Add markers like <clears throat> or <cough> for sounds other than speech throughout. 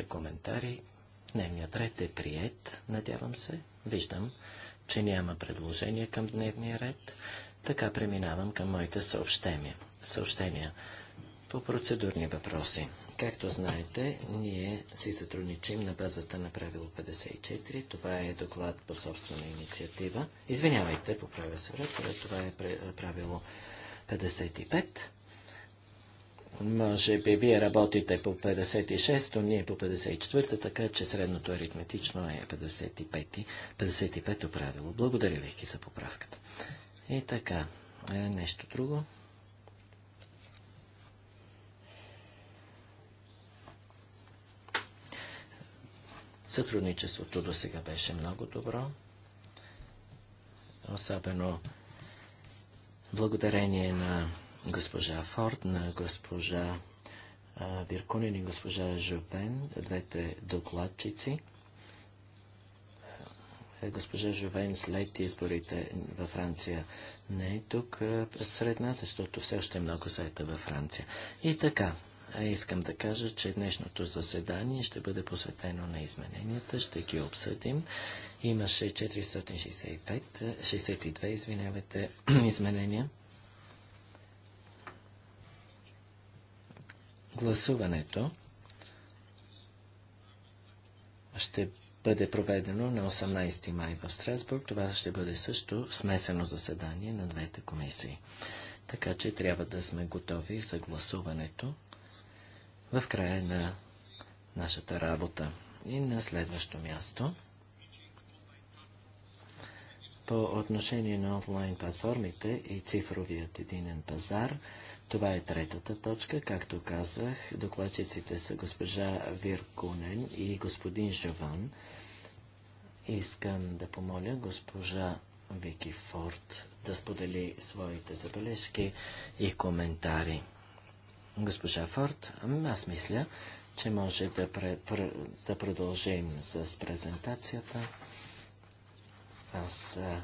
вашите коментари. Дневният ред е прият, надявам се. Виждам, че няма предложение към дневния ред. Така преминавам към моите съобщения. съобщения по процедурни въпроси. Както знаете, ние си сътрудничим на базата на правило 54. Това е доклад по собствена инициатива. Извинявайте, поправя се това е правило 55. Може би вие работите по 56-то, ние по 54-та, така че средното аритметично е 55-то правило. Благодаря ви за поправката. И така, е, нещо друго. Сътрудничеството до сега беше много добро. Особено благодарение на госпожа Форд, на госпожа Вирконин и госпожа Жовен, двете докладчици. Е, госпожа Жовен след изборите във Франция не е тук сред нас, защото все още е много заета във Франция. И така, искам да кажа, че днешното заседание ще бъде посветено на измененията, ще ги обсъдим. Имаше 465, 62, извинявайте, <clears throat> изменения. Гласуването ще бъде проведено на 18 май в Страсбург. Това ще бъде също смесено заседание на двете комисии. Така че трябва да сме готови за гласуването в края на нашата работа. И на следващо място. По отношение на онлайн платформите и цифровият единен пазар, това е третата точка. Както казах, докладчиците са госпожа Виркунен и господин Жован. Искам да помоля госпожа Вики Форд да сподели своите забележки и коментари. Госпожа Форд, аз мисля, че може да, пр, да продължим с презентацията. Аз а,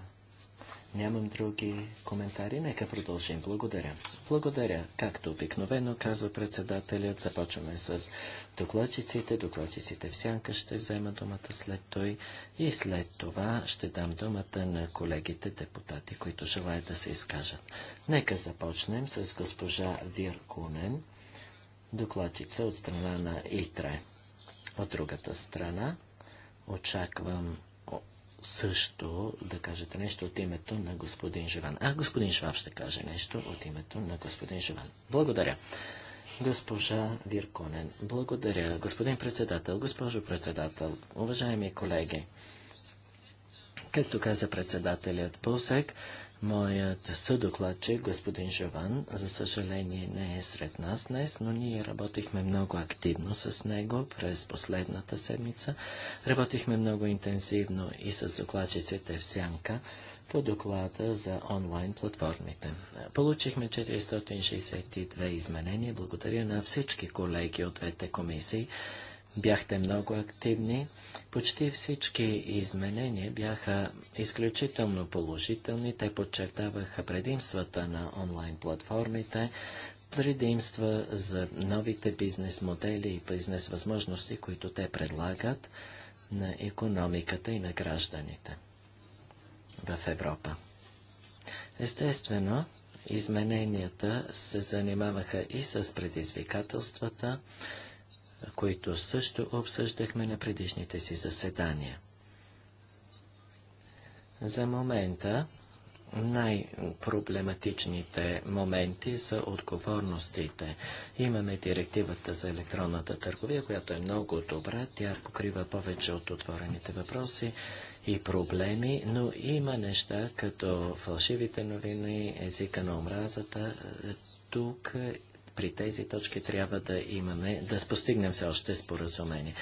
нямам други коментари. Нека продължим. Благодаря. Благодаря. Както обикновено казва председателят, започваме с докладчиците. Докладчиците в сянка ще взема думата след той и след това ще дам думата на колегите депутати, които желаят да се изкажат. Нека започнем с госпожа Кунен, докладчица от страна на ИТРЕ. От другата страна очаквам също да кажете нещо от името на господин Живан. А, господин Шваб ще каже нещо от името на господин Живан. Благодаря. Госпожа Вирконен, благодаря. Господин председател, госпожо председател, уважаеми колеги, както каза председателят Пусек, Моят съдокладчик, господин Жован, за съжаление не е сред нас днес, но ние работихме много активно с него през последната седмица. Работихме много интензивно и с докладчиците в Сянка по доклада за онлайн платформите. Получихме 462 изменения. Благодаря на всички колеги от двете комисии Бяхте много активни. Почти всички изменения бяха изключително положителни. Те подчертаваха предимствата на онлайн платформите, предимства за новите бизнес модели и бизнес възможности, които те предлагат на економиката и на гражданите в Европа. Естествено, измененията се занимаваха и с предизвикателствата, които също обсъждахме на предишните си заседания. За момента най-проблематичните моменти са отговорностите. Имаме директивата за електронната търговия, която е много добра. Тя покрива повече от отворените въпроси и проблеми, но има неща като фалшивите новини, езика на омразата. Тук при тези точки трябва да имаме, да постигнем все още споразумение.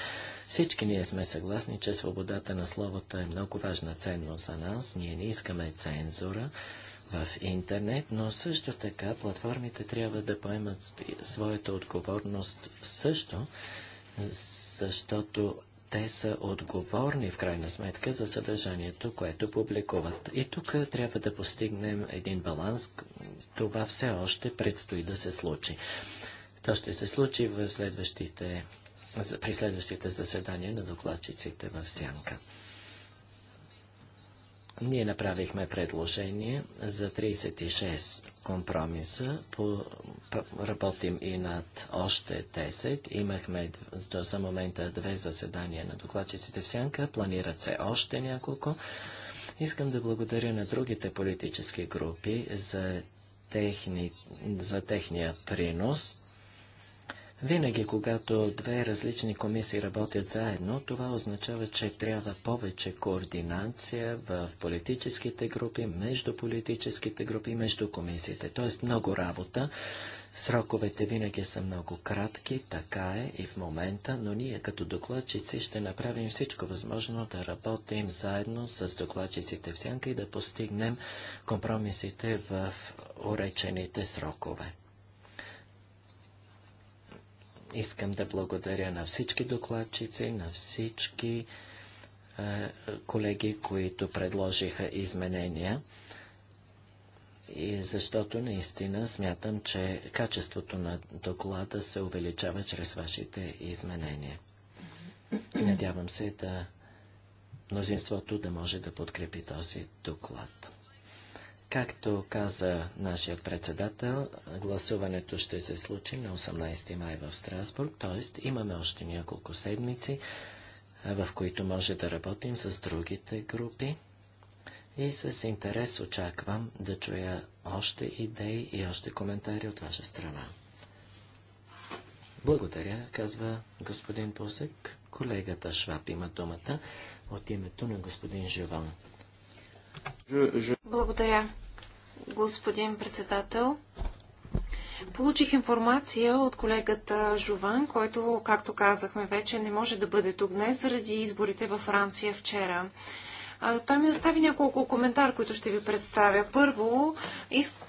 Всички ние сме съгласни, че свободата на словото е много важна ценност за нас. Ние не искаме цензура в интернет, но също така платформите трябва да поемат своята отговорност също, защото те са отговорни в крайна сметка за съдържанието, което публикуват. И тук трябва да постигнем един баланс. Това все още предстои да се случи. То ще се случи в следващите, при следващите заседания на докладчиците в Сянка. Ние направихме предложение за 36 компромиса. По, работим и над още 10. Имахме до за момента две заседания на докладчиците в Сянка. Планират се още няколко. Искам да благодаря на другите политически групи за, техни, за техния принос. Винаги, когато две различни комисии работят заедно, това означава, че трябва повече координация в политическите групи, между политическите групи, между комисиите. Тоест много работа. Сроковете винаги са много кратки, така е и в момента, но ние като докладчици ще направим всичко възможно да работим заедно с докладчиците в сянка и да постигнем компромисите в уречените срокове. Искам да благодаря на всички докладчици, на всички е, колеги, които предложиха изменения, и защото наистина смятам, че качеството на доклада се увеличава чрез вашите изменения. Надявам се да мнозинството да може да подкрепи този доклад. Както каза нашият председател, гласуването ще се случи на 18 май в Страсбург, т.е. имаме още няколко седмици, в които може да работим с другите групи. И с интерес очаквам да чуя още идеи и още коментари от ваша страна. Благодаря, казва господин Посек. Колегата Шваб има думата от името на господин Живан. Благодаря, господин председател. Получих информация от колегата Жуван, който, както казахме вече, не може да бъде тук днес заради изборите във Франция вчера. Той ми остави няколко коментар, които ще ви представя. Първо,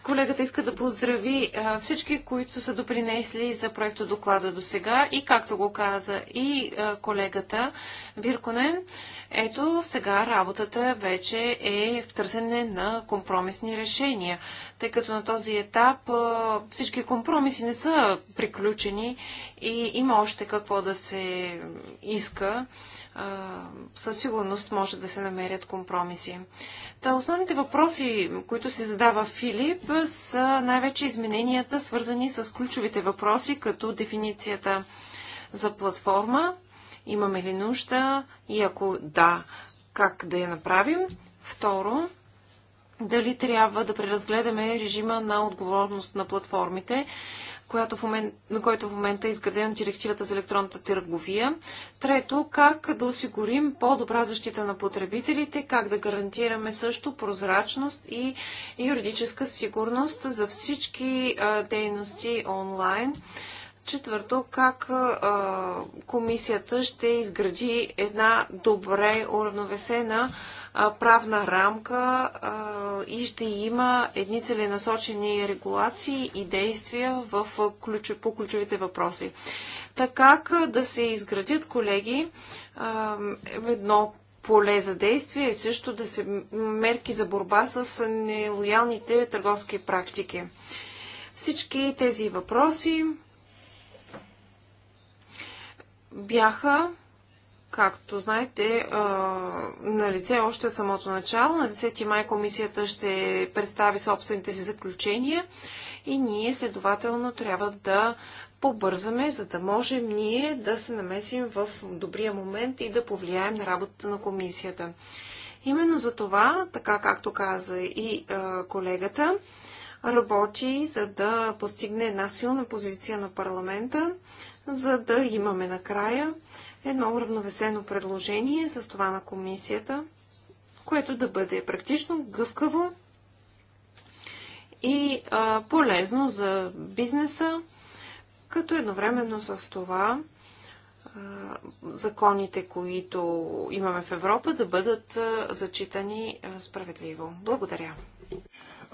колегата иска да поздрави всички, които са допринесли за проекто доклада до сега и както го каза и колегата Бирконен, ето сега работата вече е в търсене на компромисни решения, тъй като на този етап всички компромиси не са приключени и има още какво да се иска със сигурност може да се намерят компромиси. Та основните въпроси, които се задава Филип, са най-вече измененията, свързани с ключовите въпроси, като дефиницията за платформа, имаме ли нужда и ако да, как да я направим. Второ, дали трябва да преразгледаме режима на отговорност на платформите, която в момент, на който в момента е изградена директивата за електронната търговия. Трето, как да осигурим по-добра защита на потребителите, как да гарантираме също прозрачност и юридическа сигурност за всички а, дейности онлайн. Четвърто, как а, комисията ще изгради една добре уравновесена правна рамка и ще има едни целенасочени регулации и действия в ключ, по ключовите въпроси. Така да се изградят, колеги, в едно поле за действие и също да се мерки за борба с нелоялните търговски практики. Всички тези въпроси бяха Както знаете, на лице още от самото начало, на 10 май комисията ще представи собствените си заключения и ние следователно трябва да побързаме, за да можем ние да се намесим в добрия момент и да повлияем на работата на комисията. Именно за това, така както каза и колегата, работи за да постигне една силна позиция на парламента, за да имаме накрая едно уравновесено предложение с това на комисията, което да бъде практично, гъвкаво и а, полезно за бизнеса, като едновременно с това а, законите, които имаме в Европа, да бъдат а, зачитани а, справедливо. Благодаря.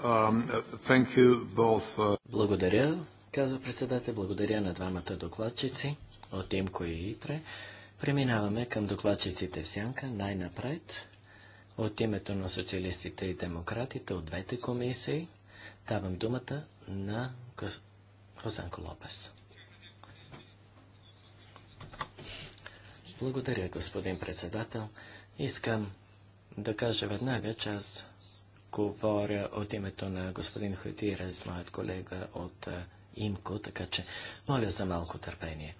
Um, uh, благодаря, казва председател. Благодаря на двамата докладчици от Имко и Итре. Преминаваме към докладчиците в сянка най-напред от името на социалистите и демократите от двете комисии. Давам думата на Хосанко Лопес. Благодаря, господин председател. Искам да кажа веднага, че аз говоря от името на господин Хотирес, моят колега от а, е, имко, така че моля за малко търпение.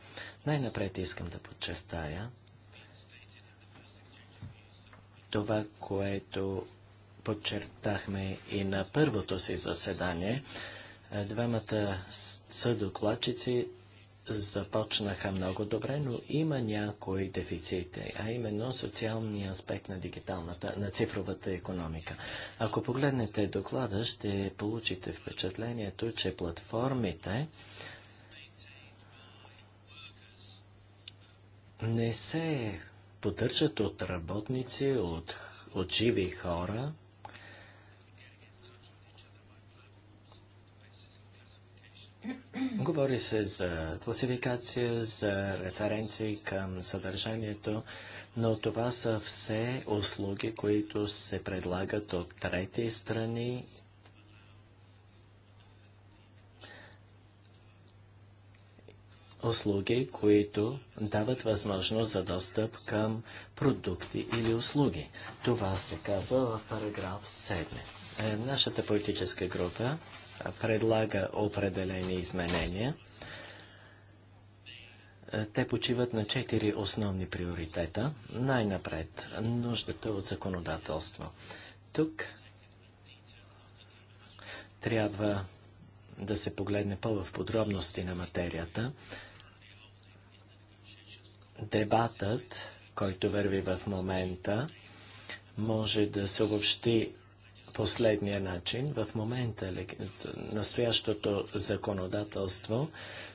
Най-напред искам да подчертая това, което подчертахме и на първото си заседание. Двамата съдокладчици започнаха много добре, но има някои дефицити, а именно социалния аспект на дигиталната, на цифровата економика. Ако погледнете доклада, ще получите впечатлението, че платформите не се поддържат от работници, от, от живи хора, Говори се за класификация, за референции към съдържанието, но това са все услуги, които се предлагат от трети страни. Услуги, които дават възможност за достъп към продукти или услуги. Това се казва в параграф 7. Е, нашата политическа група предлага определени изменения. Е, те почиват на четири основни приоритета. Най-напред нуждата от законодателство. Тук трябва да се погледне по-в подробности на материята. Дебатът, който върви в момента, може да се обобщи последния начин. В момента настоящото законодателство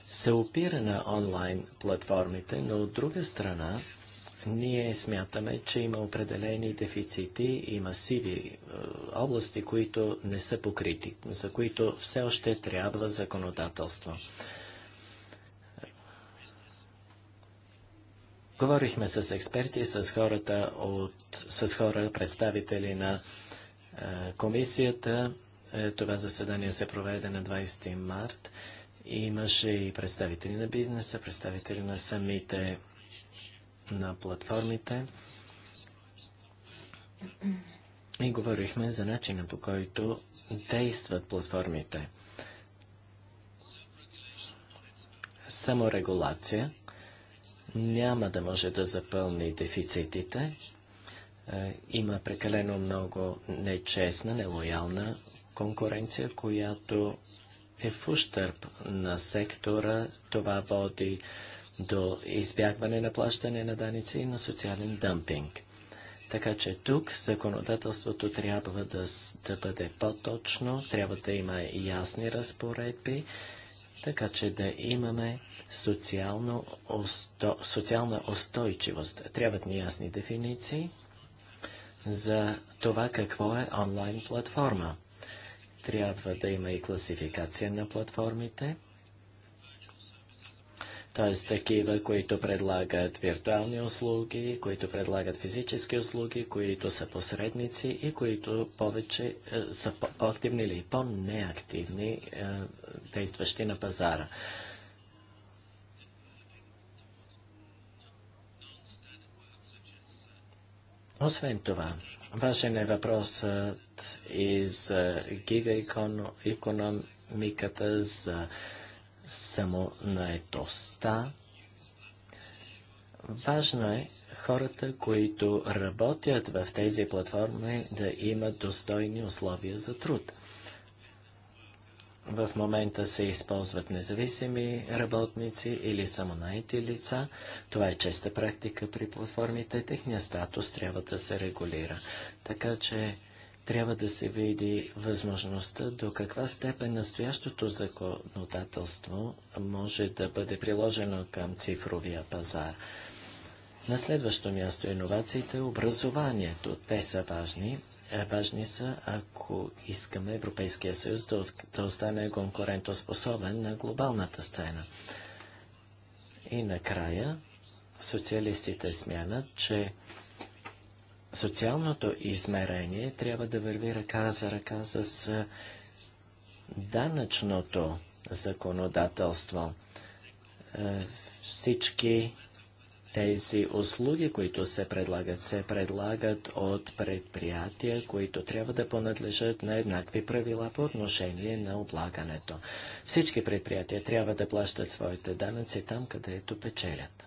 се опира на онлайн платформите, но от друга страна ние смятаме, че има определени дефицити, и масиви е, области, които не са покрити, за които все още трябва законодателство. Говорихме с експерти, с, хората от, с хора, представители на комисията. Е, това заседание се проведе на 20 март. Имаше и представители на бизнеса, представители на самите на платформите. И говорихме за начина по който действат платформите. Само регулация няма да може да запълни дефицитите е, има прекалено много нечестна, нелоялна конкуренция, която е в ущърп на сектора. Това води до избягване на плащане на даници и на социален дъмпинг. Така че тук законодателството трябва да, да бъде по-точно, трябва да има ясни разпоредби, така че да имаме социално социална устойчивост. Трябват ни ясни дефиниции за това какво е онлайн платформа. Трябва да има и класификация на платформите, т.е. такива, които предлагат виртуални услуги, които предлагат физически услуги, които са посредници и които повече е, са по-активни или по-неактивни, е, действащи на пазара. Освен това, важен е въпросът и за економиката, за самонаетостта. Важно е хората, които работят в тези платформи, да имат достойни условия за труд. В момента се използват независими работници или самонаети лица. Това е честа практика при платформите. Техният статус трябва да се регулира. Така че трябва да се види възможността до каква степен настоящото законодателство може да бъде приложено към цифровия пазар. На следващо място е иновациите, образованието. Те са важни. Е, важни са, ако искаме Европейския съюз да, да остане конкурентоспособен на глобалната сцена. И накрая, социалистите смятат, че социалното измерение трябва да върви ръка за ръка с данъчното законодателство. Е, всички тези услуги, които се предлагат, се предлагат от предприятия, които трябва да понадлежат на еднакви правила по отношение на облагането. Всички предприятия трябва да плащат своите данъци там, където печелят.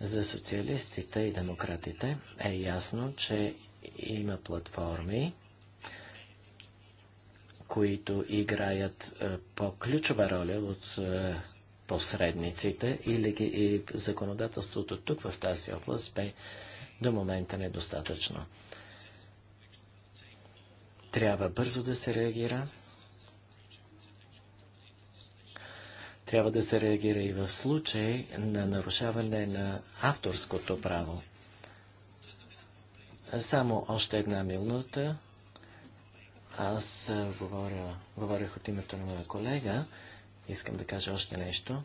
За социалистите и демократите е ясно, че има платформи, които играят е, по-ключова роля от е, посредниците и, и законодателството тук в тази област бе до момента недостатъчно. Трябва бързо да се реагира. Трябва да се реагира и в случай на нарушаване на авторското право. Само още една минута. Аз говоря, говорих от името на моя колега. Искам да кажа още нещо.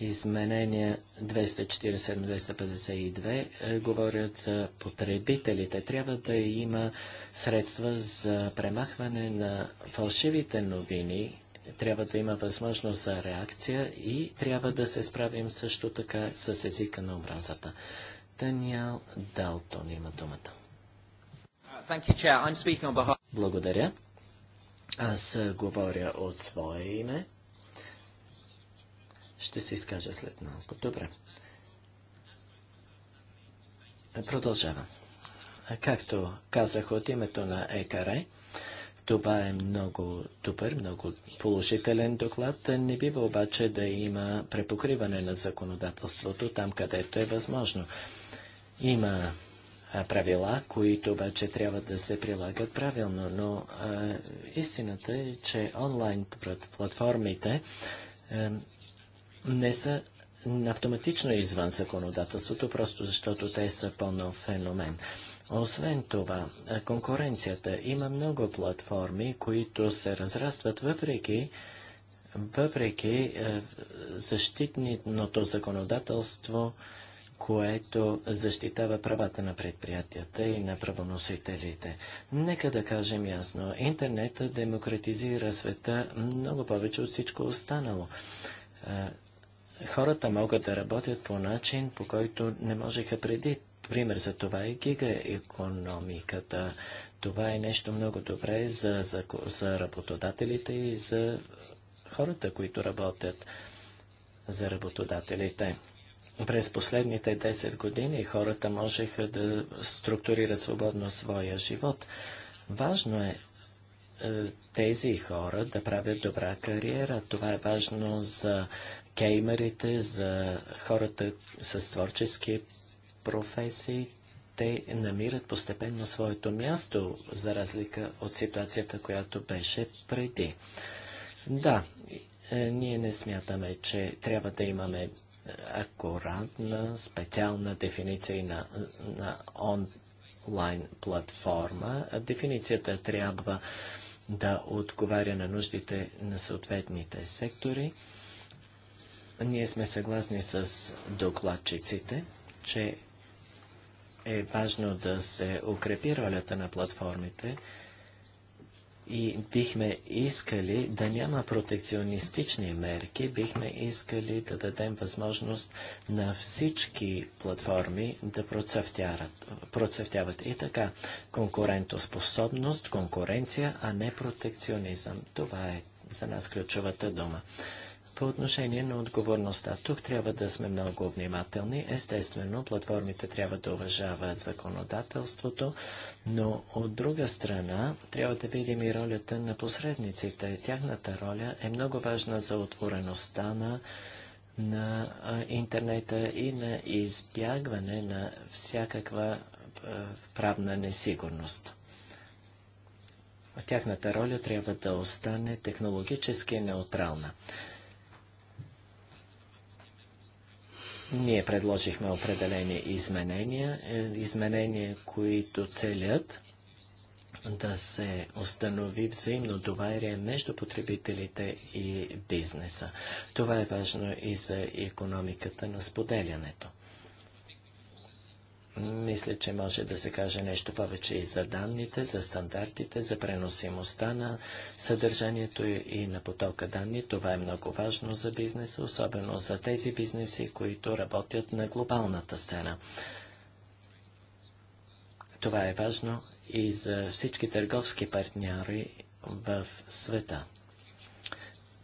Изменения 247-252 е, говорят за потребителите. Трябва да има средства за премахване на фалшивите новини. Трябва да има възможност за реакция и трябва да се справим също така с езика на омразата. Даниел Далтон има думата. Благодаря. Аз говоря от свое име. Ще се изкажа след малко. Добре. Продължавам. Както казах от името на ЕКАРЕ, това е много добър, много положителен доклад. Не бива обаче да има препокриване на законодателството там, където е възможно. Има правила, които обаче трябва да се прилагат правилно. Но а, истината е, че онлайн платформите а, не са автоматично извън законодателството, просто защото те са по-нов феномен. Освен това, конкуренцията има много платформи, които се разрастват въпреки въпреки защитното законодателство, което защитава правата на предприятията и на правоносителите. Нека да кажем ясно, Интернетът демократизира света много повече от всичко останало. Хората могат да работят по начин, по който не можеха преди. Пример за това е гигаекономиката. Това е нещо много добре за, за, за работодателите и за хората, които работят за работодателите. През последните 10 години хората можеха да структурират свободно своя живот. Важно е, е тези хора да правят добра кариера. Това е важно за кеймерите, за хората с творчески професии. Те намират постепенно своето място, за разлика от ситуацията, която беше преди. Да, е, ние не смятаме, че трябва да имаме акуратна специална дефиниция на, на онлайн платформа. Дефиницията трябва да отговаря на нуждите на съответните сектори. Ние сме съгласни с докладчиците, че е важно да се укрепи ролята на платформите и бихме искали да няма протекционистични мерки, бихме искали да дадем възможност на всички платформи да процъфтяват. И така, конкурентоспособност, конкуренция, а не протекционизъм. Това е за нас ключовата дума. По отношение на отговорността, тук трябва да сме много внимателни. Естествено, платформите трябва да уважават законодателството, но от друга страна трябва да видим и ролята на посредниците. Тяхната роля е много важна за отвореността на на интернета и на избягване на всякаква правна несигурност. Тяхната роля трябва да остане технологически неутрална. Ние предложихме определени изменения, е, изменения, които целят да се установи взаимно доверие между потребителите и бизнеса. Това е важно и за економиката на споделянето. Мисля, че може да се каже нещо повече и за данните, за стандартите, за преносимостта на съдържанието и на потока данни. Това е много важно за бизнеса, особено за тези бизнеси, които работят на глобалната сцена. Това е важно и за всички търговски партньори в света.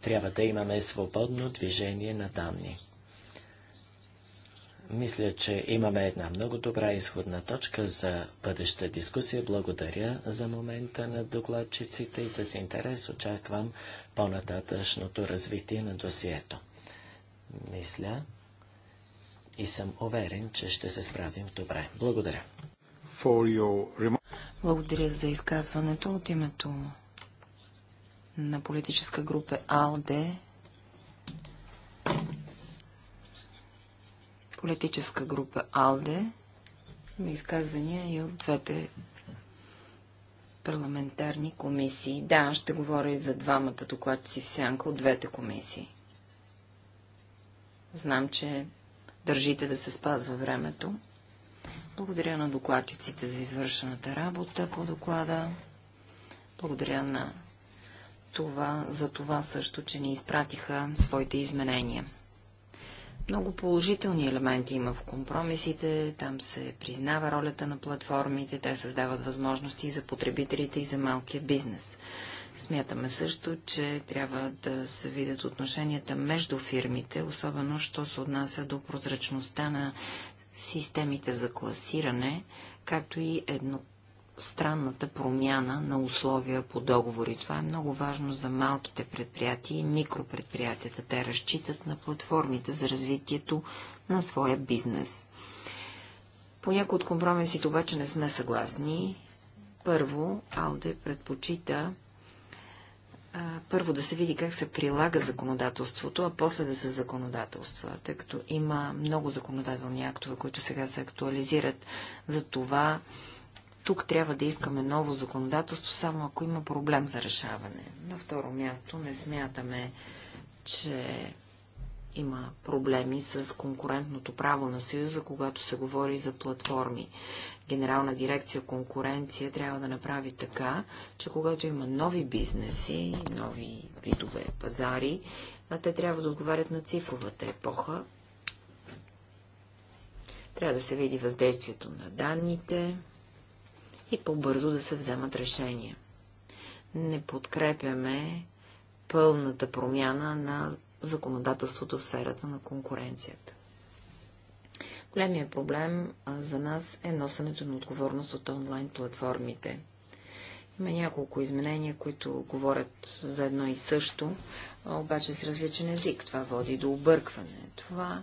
Трябва да имаме свободно движение на данни. Мисля, че имаме една много добра изходна точка за бъдеща дискусия. Благодаря за момента на докладчиците и с интерес очаквам по-нататъчното развитие на досието. Мисля и съм уверен, че ще се справим добре. Благодаря. Благодаря за изказването от името на политическа група АЛДЕ политическа група АЛДЕ има изказвания и от двете парламентарни комисии. Да, ще говоря и за двамата докладчици в сянка от двете комисии. Знам, че държите да се спазва времето. Благодаря на докладчиците за извършената работа по доклада. Благодаря на това, за това също, че ни изпратиха своите изменения. Много положителни елементи има в компромисите, там се признава ролята на платформите, те създават възможности и за потребителите, и за малкия бизнес. Смятаме също, че трябва да се видят отношенията между фирмите, особено, що се отнася до прозрачността на системите за класиране, както и едно странната промяна на условия по договори. Това е много важно за малките предприятия и микропредприятията. Те разчитат на платформите за развитието на своя бизнес. По някои от компромисите обаче не сме съгласни. Първо, Алде предпочита а, първо да се види как се прилага законодателството, а после да се законодателства, тъй като има много законодателни актове, които сега се актуализират. За това тук трябва да искаме ново законодателство, само ако има проблем за решаване. На второ място не смятаме, че има проблеми с конкурентното право на Съюза, когато се говори за платформи. Генерална дирекция конкуренция трябва да направи така, че когато има нови бизнеси, нови видове пазари, а те трябва да отговарят на цифровата епоха. Трябва да се види въздействието на данните, и по-бързо да се вземат решения. Не подкрепяме пълната промяна на законодателството в сферата на конкуренцията. Големия проблем за нас е носенето на отговорност от онлайн платформите. Има няколко изменения, които говорят за едно и също, обаче с различен език. Това води до объркване. Това,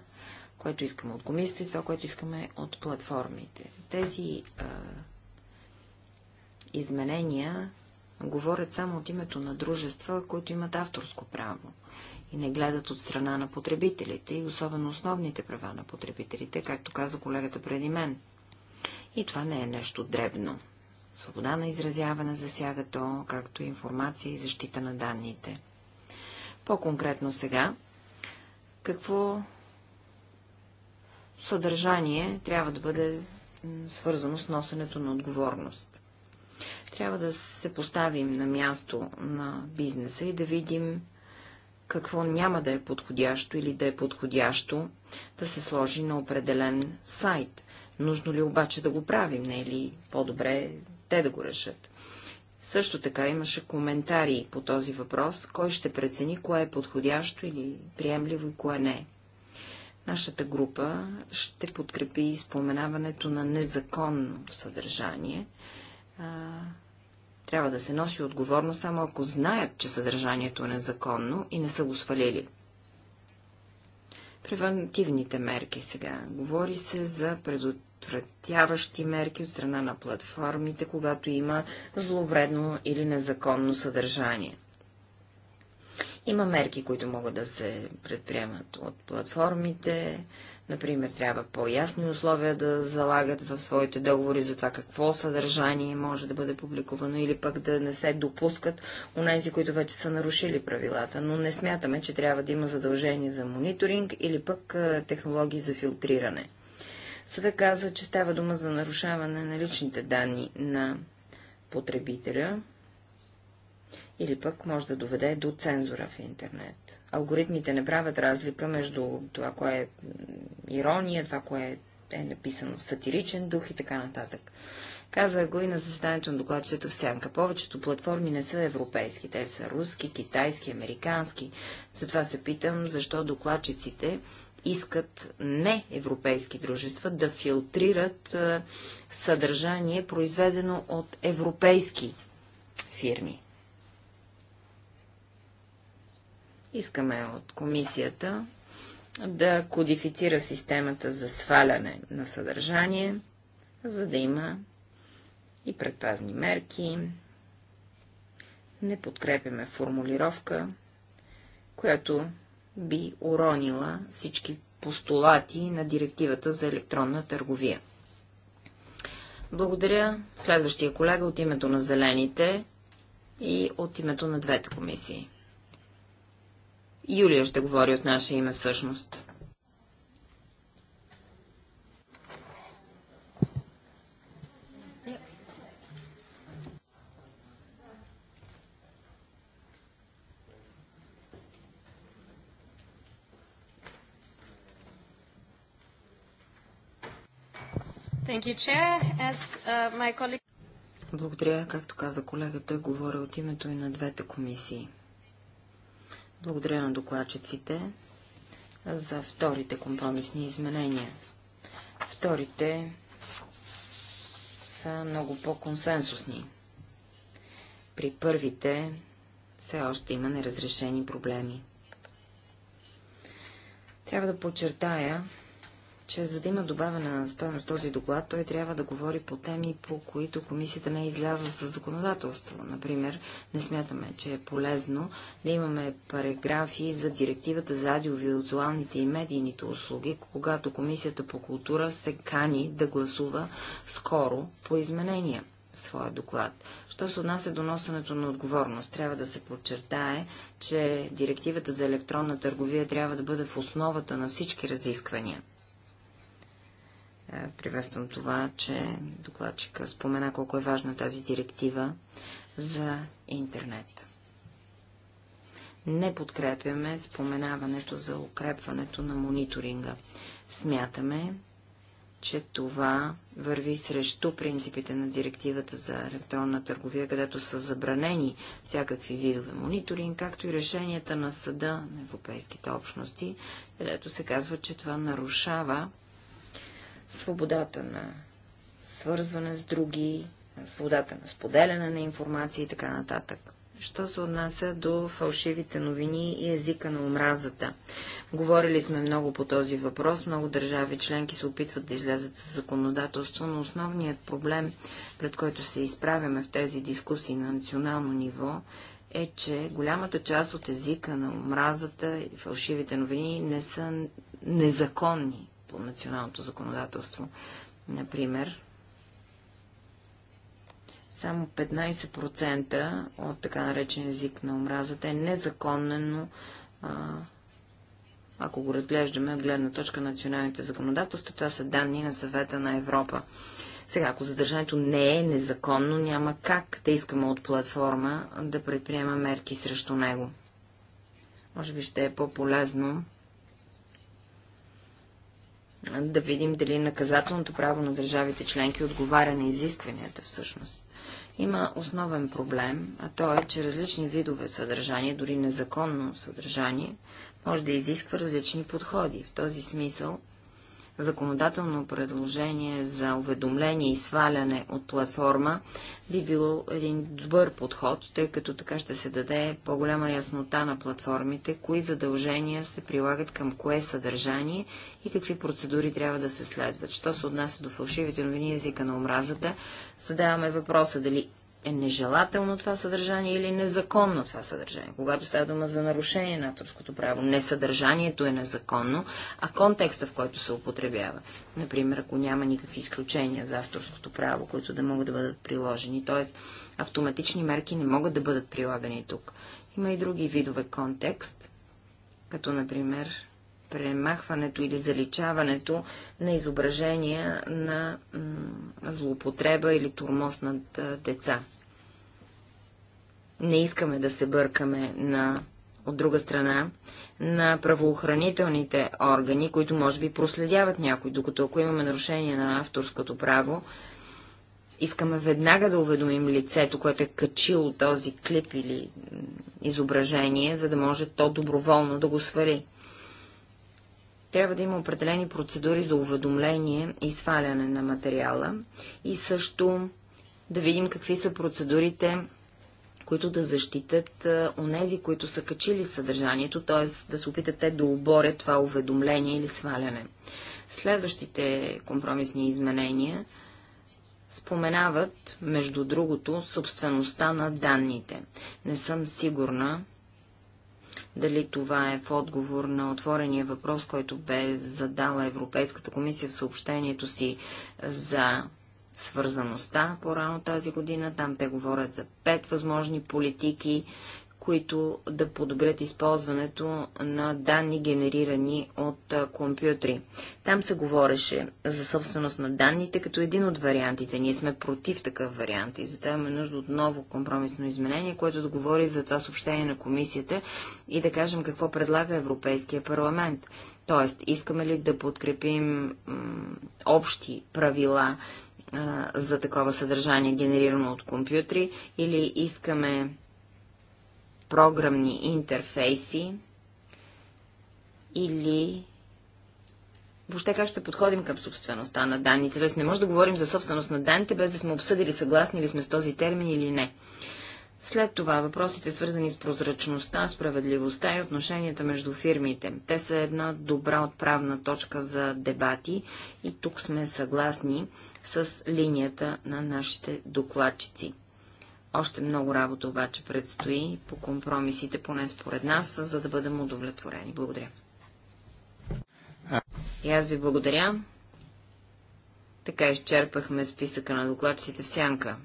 което искаме от комисията и това, което искаме от платформите. Тези а, изменения говорят само от името на дружества, които имат авторско право и не гледат от страна на потребителите и особено основните права на потребителите, както каза колегата преди мен. И това не е нещо дребно. Свобода на изразяване засяга то, както и информация и защита на данните. По-конкретно сега, какво съдържание трябва да бъде свързано с носенето на отговорност? трябва да се поставим на място на бизнеса и да видим какво няма да е подходящо или да е подходящо да се сложи на определен сайт. Нужно ли е обаче да го правим, не или е по-добре те да го решат? Също така имаше коментари по този въпрос, кой ще прецени, кое е подходящо или приемливо и кое не. Нашата група ще подкрепи споменаването на незаконно съдържание, трябва да се носи отговорно само ако знаят, че съдържанието е незаконно и не са го свалили. Превентивните мерки сега. Говори се за предотвратяващи мерки от страна на платформите, когато има зловредно или незаконно съдържание. Има мерки, които могат да се предприемат от платформите, Например, трябва по-ясни условия да залагат в своите договори за това какво съдържание може да бъде публикувано или пък да не се допускат у нези, които вече са нарушили правилата. Но не смятаме, че трябва да има задължение за мониторинг или пък технологии за филтриране. Съда каза, че става дума за нарушаване на личните данни на потребителя, или пък може да доведе до цензура в интернет. Алгоритмите не правят разлика между това, кое е ирония, това, кое е написано в сатиричен дух и така нататък. Каза го и на заседанието на докладчето в Сянка. Повечето платформи не са европейски, те са руски, китайски, американски. Затова се питам, защо докладчиците искат не европейски дружества да филтрират съдържание, произведено от европейски фирми. Искаме от комисията да кодифицира системата за сваляне на съдържание, за да има и предпазни мерки. Не подкрепяме формулировка, която би уронила всички постулати на директивата за електронна търговия. Благодаря следващия колега от името на Зелените и от името на двете комисии. Юлия ще говори от наше име всъщност. Uh, Благодаря, както каза колегата, говоря от името и на двете комисии. Благодаря на докладчиците за вторите компромисни изменения. Вторите са много по-консенсусни. При първите все още има неразрешени проблеми. Трябва да подчертая, че за да има добавена стоеност този доклад, той трябва да говори по теми, по които комисията не е излязла с законодателство. Например, не смятаме, че е полезно да имаме параграфи за директивата за аудиовизуалните и медийните услуги, когато комисията по култура се кани да гласува скоро по изменения в своя доклад. Що се отнася до носенето на отговорност, трябва да се подчертае, че директивата за електронна търговия трябва да бъде в основата на всички разисквания. Е, приветствам това, че докладчика спомена колко е важна тази директива за интернет. Не подкрепяме споменаването за укрепването на мониторинга. Смятаме, че това върви срещу принципите на директивата за електронна търговия, където са забранени всякакви видове мониторинг, както и решенията на Съда на Европейските общности, където се казва, че това нарушава свободата на свързване с други, свободата на споделяне на информация и така нататък. Що се отнася до фалшивите новини и езика на омразата? Говорили сме много по този въпрос. Много държави членки се опитват да излязат с законодателство, но основният проблем, пред който се изправяме в тези дискусии на национално ниво, е, че голямата част от езика на омразата и фалшивите новини не са незаконни по националното законодателство. Например, само 15% от така наречен език на омразата е незаконно, ако го разглеждаме от гледна точка на националните законодателства. Това са данни на съвета на Европа. Сега, ако задържането не е незаконно, няма как да искаме от платформа да предприема мерки срещу него. Може би ще е по-полезно да видим дали наказателното право на държавите членки отговаря на изискванията всъщност. Има основен проблем, а то е, че различни видове съдържание, дори незаконно съдържание, може да изисква различни подходи. В този смисъл законодателно предложение за уведомление и сваляне от платформа би било един добър подход, тъй като така ще се даде по-голяма яснота на платформите, кои задължения се прилагат към кое съдържание и какви процедури трябва да се следват. Що се отнася до фалшивите новини езика на омразата, задаваме въпроса дали е нежелателно това съдържание или незаконно това съдържание. Когато става дума за нарушение на авторското право, не съдържанието е незаконно, а контекста, в който се употребява. Например, ако няма никакви изключения за авторското право, които да могат да бъдат приложени, т.е. автоматични мерки не могат да бъдат прилагани тук. Има и други видове контекст, като например премахването или заличаването на изображения на злоупотреба или турмоз над деца. Не искаме да се бъркаме на, от друга страна, на правоохранителните органи, които може би проследяват някой, докато ако имаме нарушение на авторското право, искаме веднага да уведомим лицето, което е качило този клип или изображение, за да може то доброволно да го свали. Трябва да има определени процедури за уведомление и сваляне на материала и също да видим какви са процедурите, които да защитат онези, които са качили съдържанието, т.е. да се опитат те да оборят това уведомление или сваляне. Следващите компромисни изменения споменават, между другото, собствеността на данните. Не съм сигурна дали това е в отговор на отворения въпрос, който бе задала Европейската комисия в съобщението си за свързаността по-рано тази година. Там те говорят за пет възможни политики, които да подобрят използването на данни, генерирани от компютри. Там се говореше за собственост на данните като един от вариантите. Ние сме против такъв вариант и затова имаме нужда от ново компромисно изменение, което да говори за това съобщение на комисията и да кажем какво предлага Европейския парламент. Тоест, искаме ли да подкрепим общи правила а, за такова съдържание, генерирано от компютри, или искаме програмни интерфейси или въобще как ще подходим към собствеността на данните. Тоест не може да говорим за собственост на данните, без да сме обсъдили съгласни ли сме с този термин или не. След това въпросите, свързани с прозрачността, справедливостта и отношенията между фирмите. Те са една добра отправна точка за дебати и тук сме съгласни с линията на нашите докладчици. Още много работа обаче предстои по компромисите, поне според нас, за да бъдем удовлетворени. Благодаря. И аз ви благодаря. Така изчерпахме списъка на докладчиците в сянка.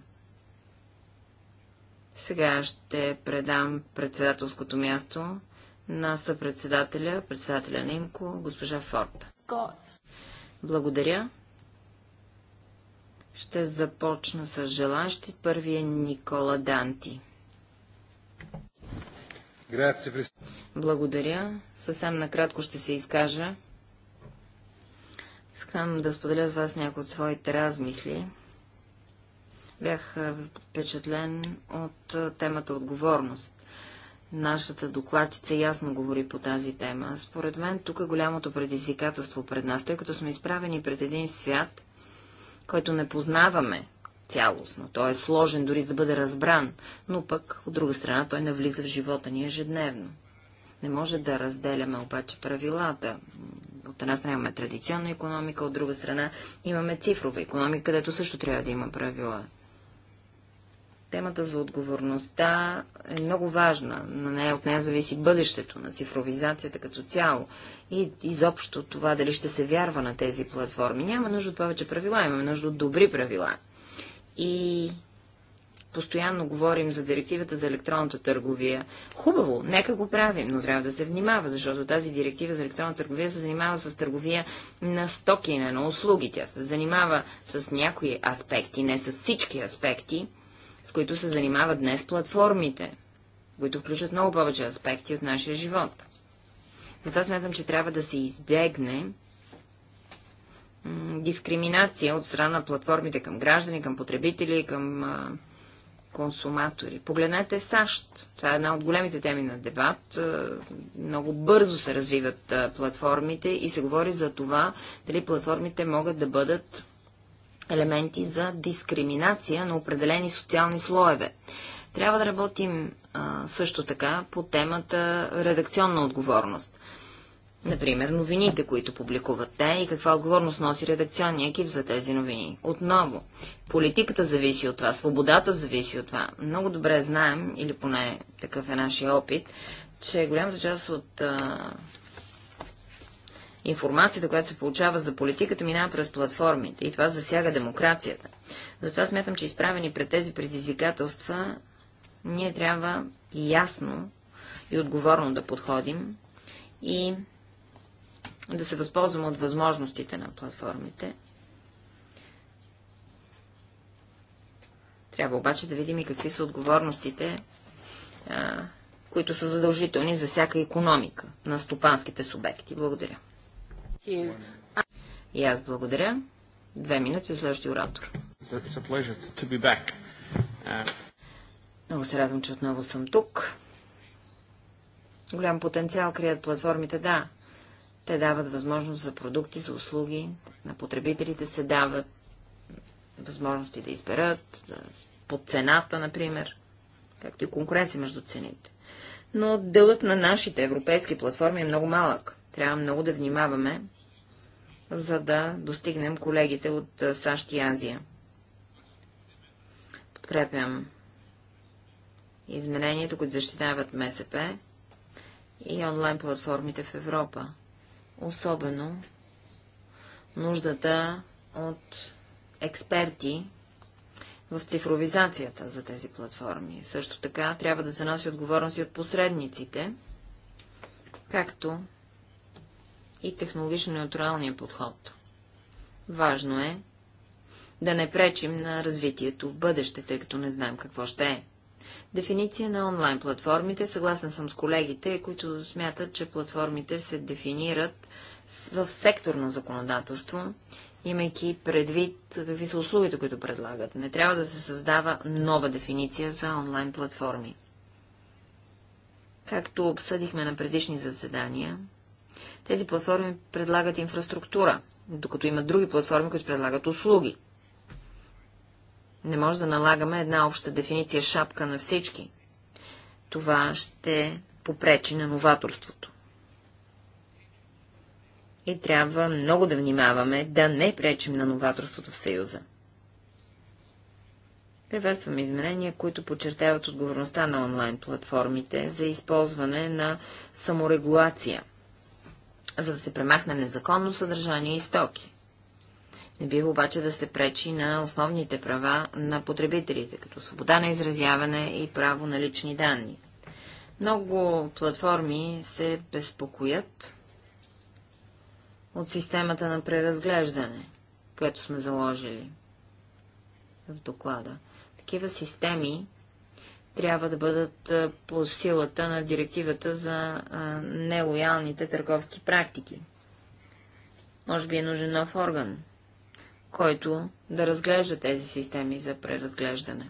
Сега ще предам председателското място на съпредседателя, председателя на ИМКО, госпожа Форд. Благодаря. Ще започна с желащи. Първият е Никола Данти. Благодаря. Съвсем накратко ще се изкажа. Искам да споделя с вас някои от своите размисли. Бях е, впечатлен от е, темата отговорност. Нашата докладчица ясно говори по тази тема. Според мен тук е голямото предизвикателство пред нас, тъй като сме изправени пред един свят, който не познаваме цялостно. Той е сложен дори за да бъде разбран, но пък, от друга страна, той не влиза в живота ни ежедневно. Не може да разделяме обаче правилата. От една страна имаме традиционна економика, от друга страна имаме цифрова економика, където също трябва да има правила. Темата за отговорността е много важна. На нея от нея зависи бъдещето на цифровизацията като цяло и изобщо това дали ще се вярва на тези платформи. Няма нужда от повече правила, имаме нужда от добри правила. И постоянно говорим за директивата за електронната търговия. Хубаво, нека го правим, но трябва да се внимава, защото тази директива за електронна търговия се занимава с търговия на стоки, на услуги. Тя се занимава с някои аспекти, не с всички аспекти с които се занимават днес платформите, които включват много повече аспекти от нашия живот. Затова смятам, че трябва да се избегне дискриминация от страна на платформите към граждани, към потребители, към а, консуматори. Погледнете САЩ. Това е една от големите теми на дебат. Много бързо се развиват платформите и се говори за това дали платформите могат да бъдат елементи за дискриминация на определени социални слоеве. Трябва да работим а, също така по темата редакционна отговорност. Например, новините, които публикуват те и каква отговорност носи редакционния екип за тези новини. Отново, политиката зависи от това, свободата зависи от това. Много добре знаем, или поне такъв е нашия опит, че голямата част от а, Информацията, която се получава за политиката, минава през платформите и това засяга демокрацията. Затова смятам, че изправени пред тези предизвикателства, ние трябва ясно и отговорно да подходим и да се възползваме от възможностите на платформите. Трябва обаче да видим и какви са отговорностите, които са задължителни за всяка економика на стопанските субекти. Благодаря. И аз благодаря. Две минути следващия оратор. Много се радвам, че отново съм тук. Голям потенциал крият платформите, да. Те дават възможност за продукти, за услуги. На потребителите се дават възможности да изберат, да... по цената, например, както и конкуренция между цените. Но делът на нашите европейски платформи е много малък. Трябва много да внимаваме, за да достигнем колегите от САЩ и Азия. Подкрепям изменението, които защитават МСП и онлайн платформите в Европа. Особено нуждата от експерти в цифровизацията за тези платформи. Също така трябва да се носи отговорност и от посредниците, както и технологично неутралния подход. Важно е да не пречим на развитието в бъдеще, тъй като не знаем какво ще е. Дефиниция на онлайн платформите. Съгласен съм с колегите, които смятат, че платформите се дефинират в секторно законодателство, имайки предвид какви са услугите, които предлагат. Не трябва да се създава нова дефиниция за онлайн платформи. Както обсъдихме на предишни заседания, тези платформи предлагат инфраструктура, докато има други платформи, които предлагат услуги. Не може да налагаме една обща дефиниция шапка на всички. Това ще попречи на новаторството. И трябва много да внимаваме да не пречим на новаторството в Съюза. Приветствам изменения, които подчертават отговорността на онлайн платформите за използване на саморегулация – за да се премахне незаконно съдържание и стоки. Не бива обаче да се пречи на основните права на потребителите, като свобода на изразяване и право на лични данни. Много платформи се безпокоят от системата на преразглеждане, което сме заложили в доклада. Такива системи трябва да бъдат по силата на директивата за нелоялните търговски практики. Може би е нужен нов орган, който да разглежда тези системи за преразглеждане.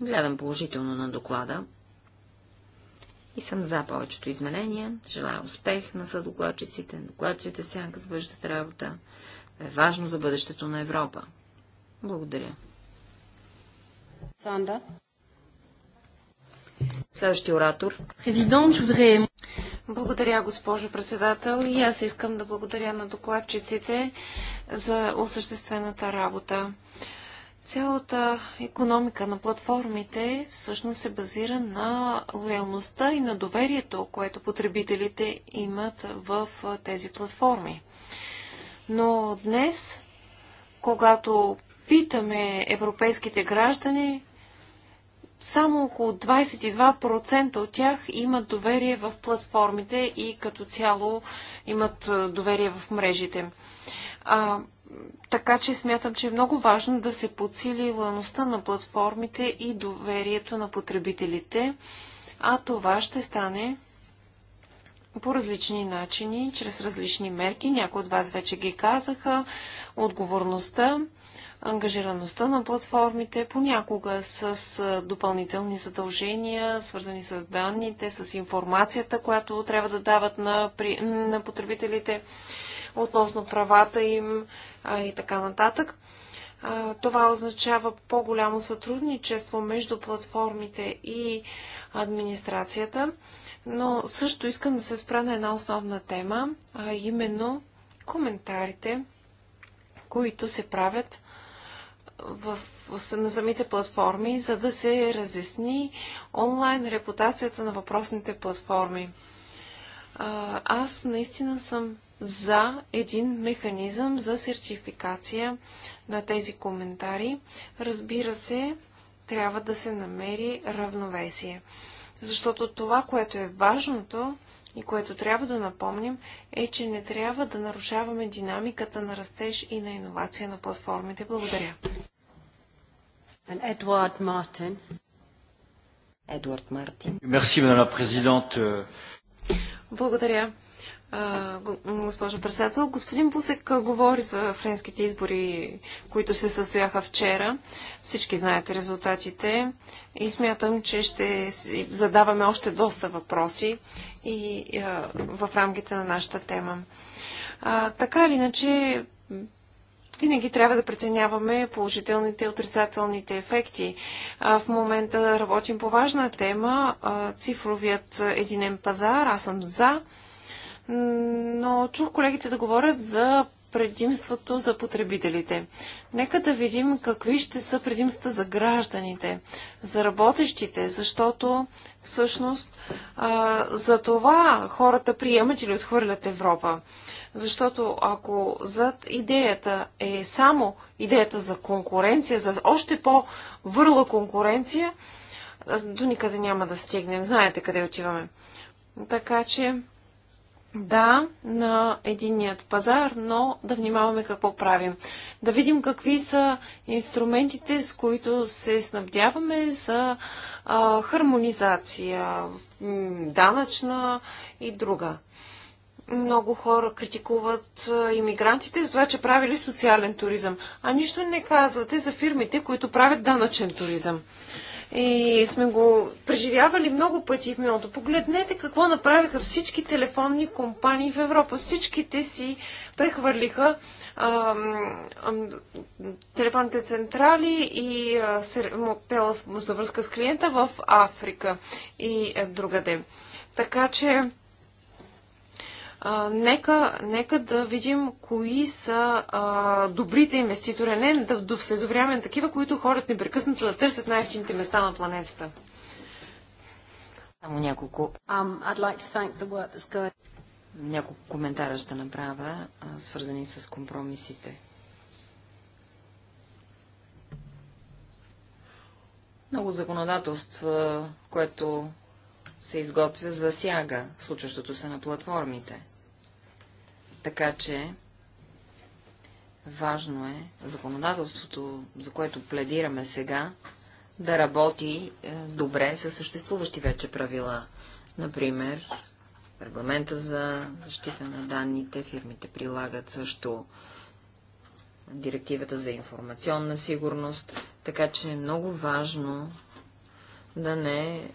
Гледам положително на доклада и съм за повечето изменения. Желая успех на съдокладчиците, докладчиците всяка свършат работа. Е важно за бъдещето на Европа. Благодаря. Санда. Следващия оратор. Президент, благодаря, госпожо председател. И аз искам да благодаря на докладчиците за осъществената работа. Цялата економика на платформите всъщност се базира на лоялността и на доверието, което потребителите имат в тези платформи. Но днес, когато питаме европейските граждани, само около 22% от тях имат доверие в платформите и като цяло имат доверие в мрежите. А, така че смятам, че е много важно да се подсили лоялността на платформите и доверието на потребителите, а това ще стане по различни начини, чрез различни мерки. Някои от вас вече ги казаха. Отговорността, ангажираността на платформите, понякога с допълнителни задължения, свързани с данните, с информацията, която трябва да дават на, при... на потребителите относно правата им а, и така нататък. А, това означава по-голямо сътрудничество между платформите и администрацията, но също искам да се спра на една основна тема, а именно коментарите, които се правят в, на самите платформи, за да се разясни онлайн репутацията на въпросните платформи. Аз наистина съм за един механизъм за сертификация на тези коментари. Разбира се, трябва да се намери равновесие. Защото това, което е важното и което трябва да напомним, е, че не трябва да нарушаваме динамиката на растеж и на иновация на платформите. Благодаря. And Edward Martin. Едуард Мартин. madame la présidente. Благодаря, госпожо председател. Господин Бусек говори за френските избори, които се състояха вчера. Всички знаете резултатите и смятам, че ще задаваме още доста въпроси и в рамките на нашата тема. така или иначе, винаги трябва да преценяваме положителните и отрицателните ефекти. В момента работим по важна тема цифровият единен пазар. Аз съм за, но чух колегите да говорят за предимството за потребителите. Нека да видим какви ще са предимствата за гражданите, за работещите, защото всъщност за това хората приемат или отхвърлят Европа. Защото ако зад идеята е само идеята за конкуренция, за още по-върла конкуренция, до никъде няма да стигнем. Знаете къде отиваме. Така че, да, на единият пазар, но да внимаваме какво правим. Да видим какви са инструментите, с които се снабдяваме за а, хармонизация, данъчна и друга. Много хора критикуват иммигрантите за това, че правили социален туризъм, а нищо не казвате за фирмите, които правят данъчен туризъм. И сме го преживявали много пъти в миналото. Погледнете какво направиха всички телефонни компании в Европа. Всичките си прехвърлиха телефонните централи и а, мотела за връзка с клиента в Африка и е, другаде. Така че а, нека, нека да видим кои са а, добрите инвеститори, не да довседовряваме такива, които хората непрекъснато да търсят най-ефтините места на планетата. Само няколко. Um, like няколко коментара ще направя, а, свързани с компромисите. Много законодателство, което се изготвя, засяга случващото се на платформите. Така че важно е законодателството, за което пледираме сега, да работи е, добре с съществуващи вече правила. Например, регламента за защита на данните, фирмите прилагат също директивата за информационна сигурност, така че е много важно да не е,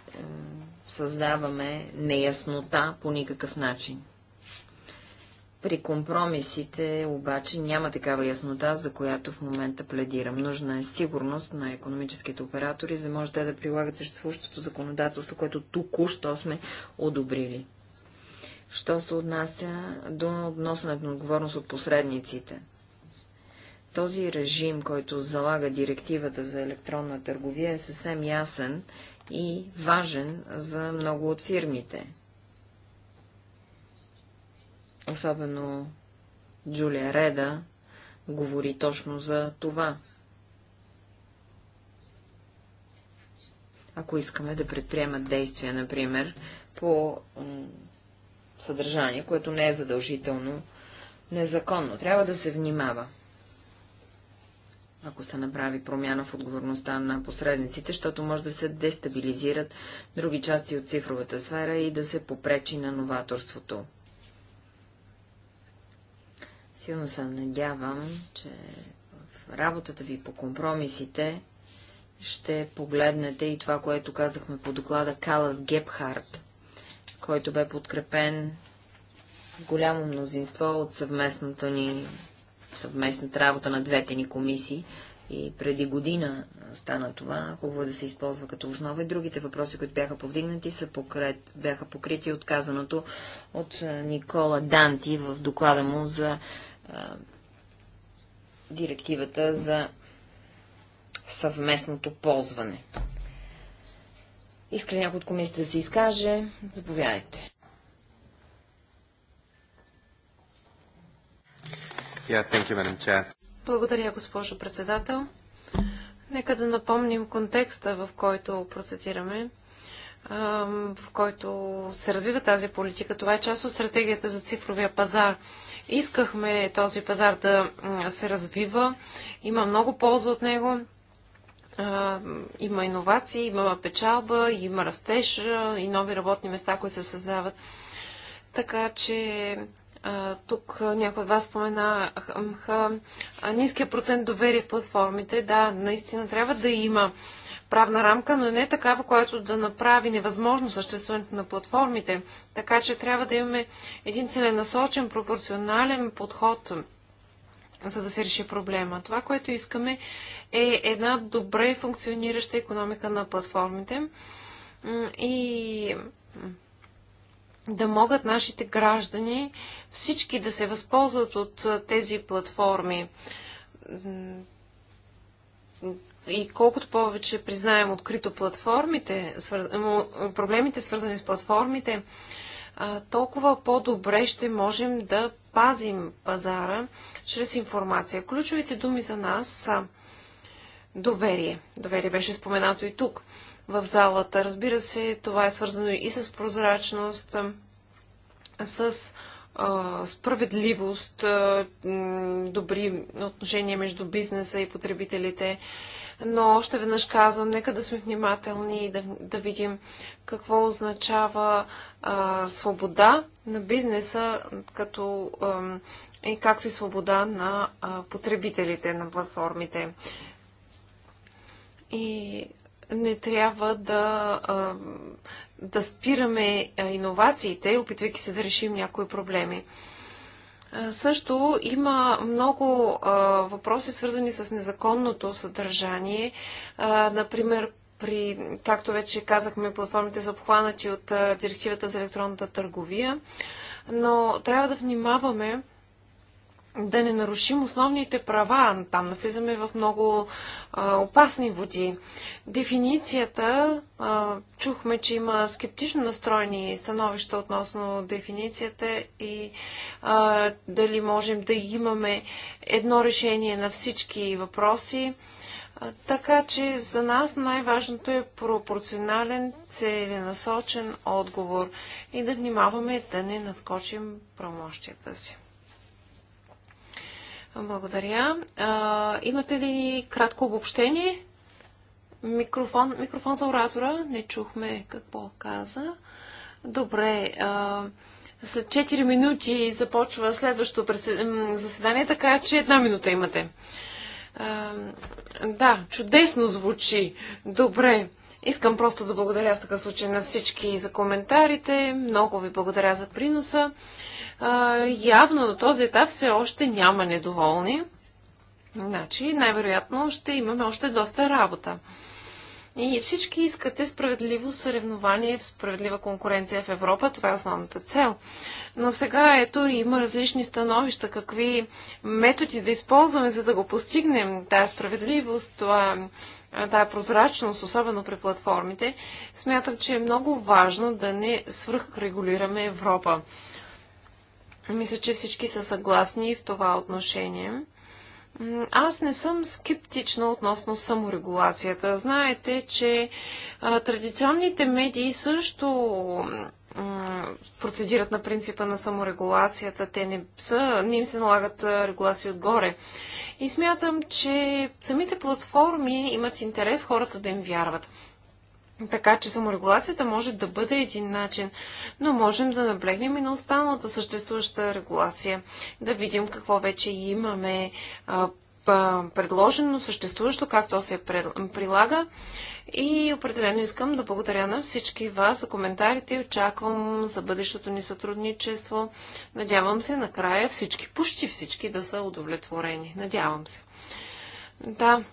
създаваме неяснота по никакъв начин. При компромисите обаче няма такава яснота, за която в момента пледирам. Нужна е сигурност на економическите оператори, за може да прилагат съществуващото законодателство, което току-що сме одобрили. Що се отнася до носенето на отговорност от посредниците? Този режим, който залага директивата за електронна търговия, е съвсем ясен и важен за много от фирмите особено Джулия Реда, говори точно за това. Ако искаме да предприемат действия, например, по съдържание, което не е задължително незаконно, трябва да се внимава. Ако се направи промяна в отговорността на посредниците, защото може да се дестабилизират други части от цифровата сфера и да се попречи на новаторството. Силно се надявам, че в работата ви по компромисите ще погледнете и това, което казахме по доклада Калас Гепхарт, който бе подкрепен с голямо мнозинство от съвместната ни съвместната работа на двете ни комисии, и преди година стана това, хубаво е да се използва като основа. Другите въпроси, които бяха повдигнати, са покрет, бяха покрити от казаното от Никола Данти в доклада му за а, директивата за съвместното ползване. Иска някой от комисията да се изкаже? Заповядайте. Yeah, thank you, Madam Chair. Благодаря, госпожо председател. Нека да напомним контекста, в който процедираме, в който се развива тази политика. Това е част от стратегията за цифровия пазар. Искахме този пазар да се развива. Има много полза от него. Има иновации, има печалба, има растеж и нови работни места, които се създават. Така че тук някой от вас спомена ниския процент доверие в платформите. Да, наистина трябва да има правна рамка, но не такава, която да направи невъзможно съществуването на платформите. Така че трябва да имаме един целенасочен, пропорционален подход, за да се реши проблема. Това, което искаме е една добре функционираща економика на платформите. И да могат нашите граждани всички да се възползват от тези платформи. И колкото повече признаем открито платформите, проблемите свързани с платформите, толкова по-добре ще можем да пазим пазара чрез информация. Ключовите думи за нас са доверие. Доверие беше споменато и тук в залата. Разбира се, това е свързано и с прозрачност, с а, справедливост, а, добри отношения между бизнеса и потребителите. Но още веднъж казвам, нека да сме внимателни и да, да видим какво означава а, свобода на бизнеса, като а, и както и свобода на а, потребителите на платформите. И не трябва да, да спираме иновациите, опитвайки се да решим някои проблеми. Също има много въпроси, свързани с незаконното съдържание. например, при, както вече казахме, платформите са обхванати от директивата за електронната търговия, но трябва да внимаваме да не нарушим основните права. Там навлизаме в много а, опасни води. Дефиницията, а, чухме, че има скептично настроени становища относно дефиницията и а, дали можем да имаме едно решение на всички въпроси. А, така че за нас най-важното е пропорционален, целенасочен отговор и да внимаваме да не наскочим правомощията си. Благодаря. А, имате ли кратко обобщение? Микрофон, микрофон за оратора. Не чухме какво каза. Добре. А, след 4 минути започва следващото заседание, така че една минута имате. А, да, чудесно звучи. Добре. Искам просто да благодаря в такъв случай на всички за коментарите. Много ви благодаря за приноса. А, явно на този етап все още няма недоволни. Значи, най-вероятно ще имаме още доста работа. И всички искате справедливо съревнование, справедлива конкуренция в Европа. Това е основната цел. Но сега ето има различни становища, какви методи да използваме, за да го постигнем. Тая справедливост, това, тая прозрачност, особено при платформите. Смятам, че е много важно да не свръхрегулираме Европа. Мисля, че всички са съгласни в това отношение. Аз не съм скептична относно саморегулацията. Знаете, че а, традиционните медии също процедират на принципа на саморегулацията. Те не, са, не им се налагат регулации отгоре. И смятам, че самите платформи имат интерес хората да им вярват. Така че саморегулацията може да бъде един начин, но можем да наблегнем и на останалата съществуваща регулация, да видим какво вече имаме предложено, съществуващо, как то се прилага. И определено искам да благодаря на всички вас за коментарите и очаквам за бъдещото ни сътрудничество. Надявам се накрая всички, почти всички да са удовлетворени. Надявам се. Да,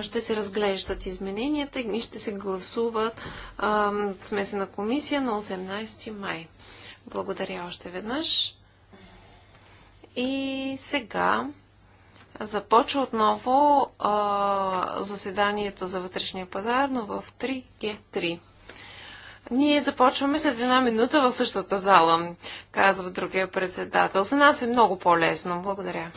ще се разглеждат измененията и ще се гласуват смесена комисия на 18 май. Благодаря още веднъж. И сега започва отново а, заседанието за вътрешния пазар, но в 3G3. Ние започваме след една минута в същата зала, казва другия председател. За нас е много по-лесно. Благодаря.